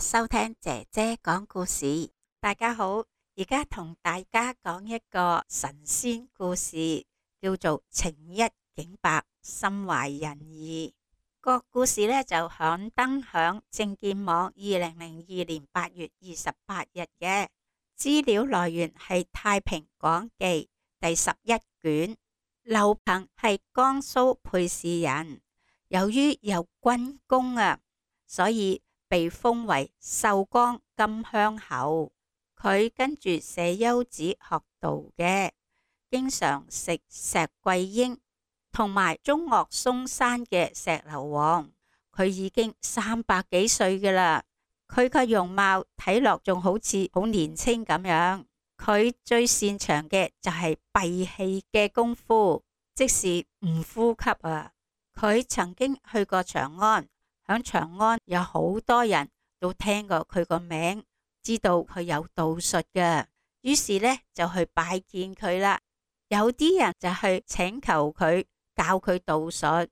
收聽姐姐講故事，大家好，而家同大家講一個神仙故事，叫做懲一儆百，心懷仁義。這個故事呢，就響登響正見網二零零二年八月二十八日嘅資料來源係《太平廣記》第十一卷。劉憑係江蘇沛縣人，由於有軍功啊，所以。被封為壽光金鄉侯，佢跟住舍優子學道嘅，經常食石桂英同埋中岳嵩山嘅石硫黃。佢已經三百幾歲噶啦，佢個容貌睇落仲好似好年輕咁樣。佢最擅長嘅就係閉氣嘅功夫，即係唔呼吸啊。佢曾經去過長安。喺長安有好多人都聽過佢個名，知道佢有道術嘅，於是呢，就去拜見佢啦。有啲人就去請求佢教佢道術，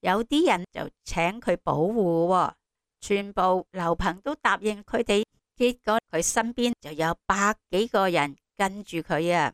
有啲人就請佢保護、哦。全部劉憑都答應佢哋，結果佢身邊就有百幾個人跟住佢啊，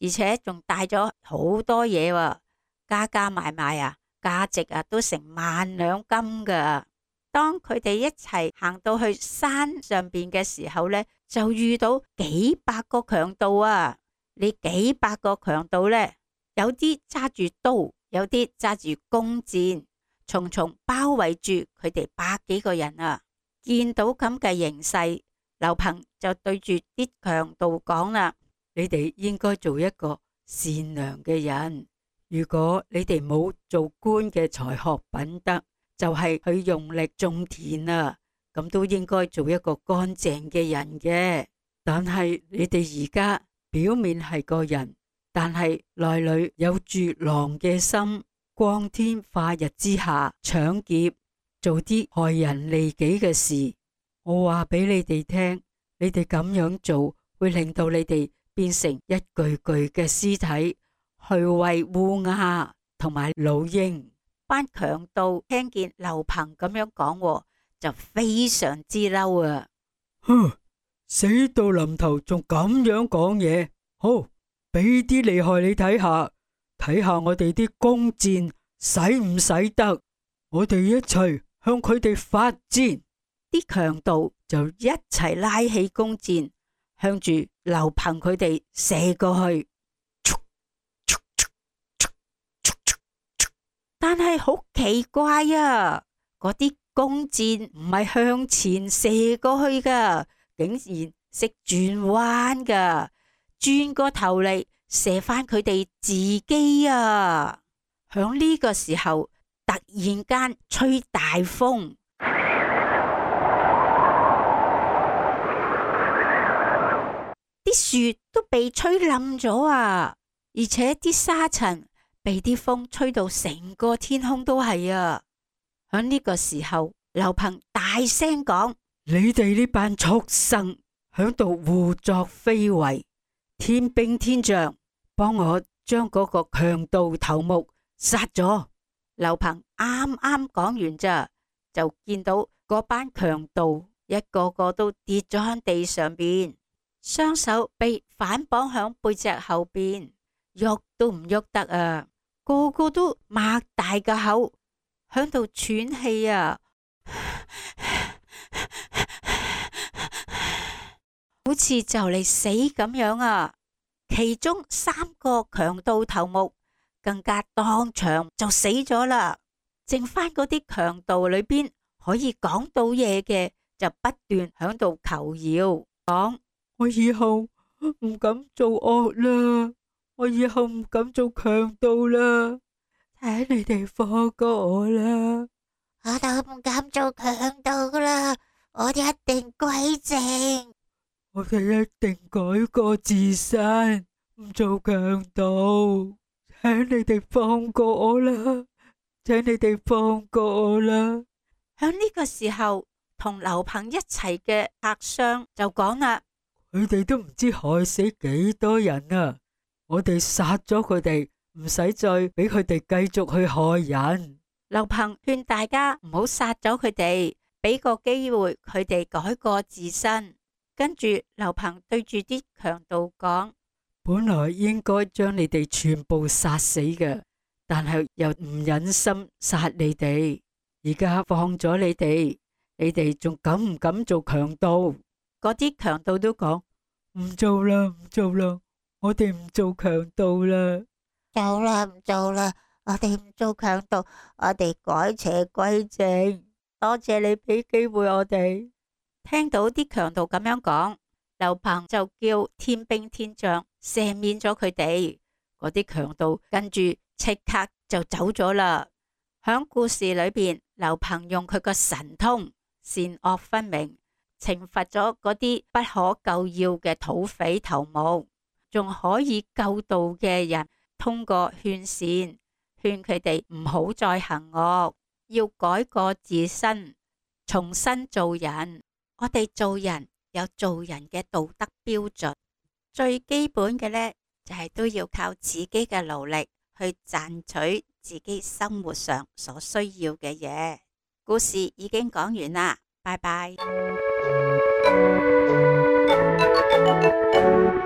而且仲帶咗好多嘢、哦，加加埋埋啊，價值啊都成萬兩金噶。當佢哋一齊行到去山上邊嘅時候呢，就遇到幾百個強盜啊！你幾百個強盜呢？有啲揸住刀，有啲揸住弓箭，重重包圍住佢哋百幾個人啊！見到咁嘅形勢，劉鵬就對住啲強盜講啦：你哋應該做一個善良嘅人。如果你哋冇做官嘅才學品德，就係佢用力種田啊，咁都應該做一個乾淨嘅人嘅。但係你哋而家表面係個人，但係內裏有住狼嘅心，光天化日之下搶劫，做啲害人利己嘅事。我話俾你哋聽，你哋咁樣做會令到你哋變成一具具嘅屍體，去餵烏鴉同埋老鷹。班強盜聽見劉鵬咁樣講，就非常之嬲啊！哼， 死到臨頭仲咁樣講嘢，好，俾啲厲害你睇下，睇下我哋啲弓箭使唔使得？我哋一齊向佢哋發箭，啲強盜就一齊拉起弓箭，向住劉鵬佢哋射過去。但係好奇怪啊！嗰啲弓箭唔係向前射過去噶，竟然識轉彎噶，轉個頭嚟射翻佢哋自己啊！響呢個時候突然間吹大風，啲樹 都被吹冧咗啊！而且啲沙塵。被啲風吹到成個天空都係啊！喺呢個時候，劉鵬大聲講：你哋呢班畜生喺度胡作非為，天兵天將幫我將嗰個強盜頭目殺咗。劉鵬啱啱講完咋，就見到嗰班強盜一個個都跌咗喺地上邊，雙手被反綁喺背脊後邊，喐都唔喐得啊！個個都擘大個口，響度喘氣啊， 好似就嚟死咁樣啊！其中三個強盜頭目更加當場就死咗啦，剩翻嗰啲強盜裏邊可以講到嘢嘅，就不斷響度求饒，講我以後唔敢做惡啦。我以後唔敢做強盜啦，請你哋放過我啦！我就唔敢做強盜啦，我哋一定改正，我哋一定改過自身，唔做強盜，請你哋放過我啦，請你哋放過我啦！響呢個時候，同劉鵬一齊嘅客商就講啦：佢哋都唔知害死幾多人啊！我哋殺咗佢哋，唔使再俾佢哋繼續去害人。劉鵬勸大家唔好殺咗佢哋，俾個機會佢哋改過自新。跟住劉鵬對住啲強盜講：本來應該將你哋全部殺死嘅，但係又唔忍心殺你哋。而家放咗你哋，你哋仲敢唔敢做強盜？嗰啲強盜都講唔做啦，唔做啦。我哋唔做強盜啦，走啦，唔做啦。我哋唔做強盜，我哋改邪歸正。多謝你俾機會我哋。聽到啲強盜咁樣講，劉鵬就叫天兵天將赦免咗佢哋嗰啲強盜，強盜跟住即刻就走咗啦。響故事裏邊，劉鵬用佢個神通善惡分明，懲罰咗嗰啲不可救藥嘅土匪頭目。仲可以救度嘅人，通過勸善，勸佢哋唔好再行惡，要改過自新，重新做人。 我哋做人有做人嘅道德標準，最基本嘅咧就係都要靠自己嘅努力去賺取自己生活上所需要嘅嘢。故事已經講完啦，拜拜。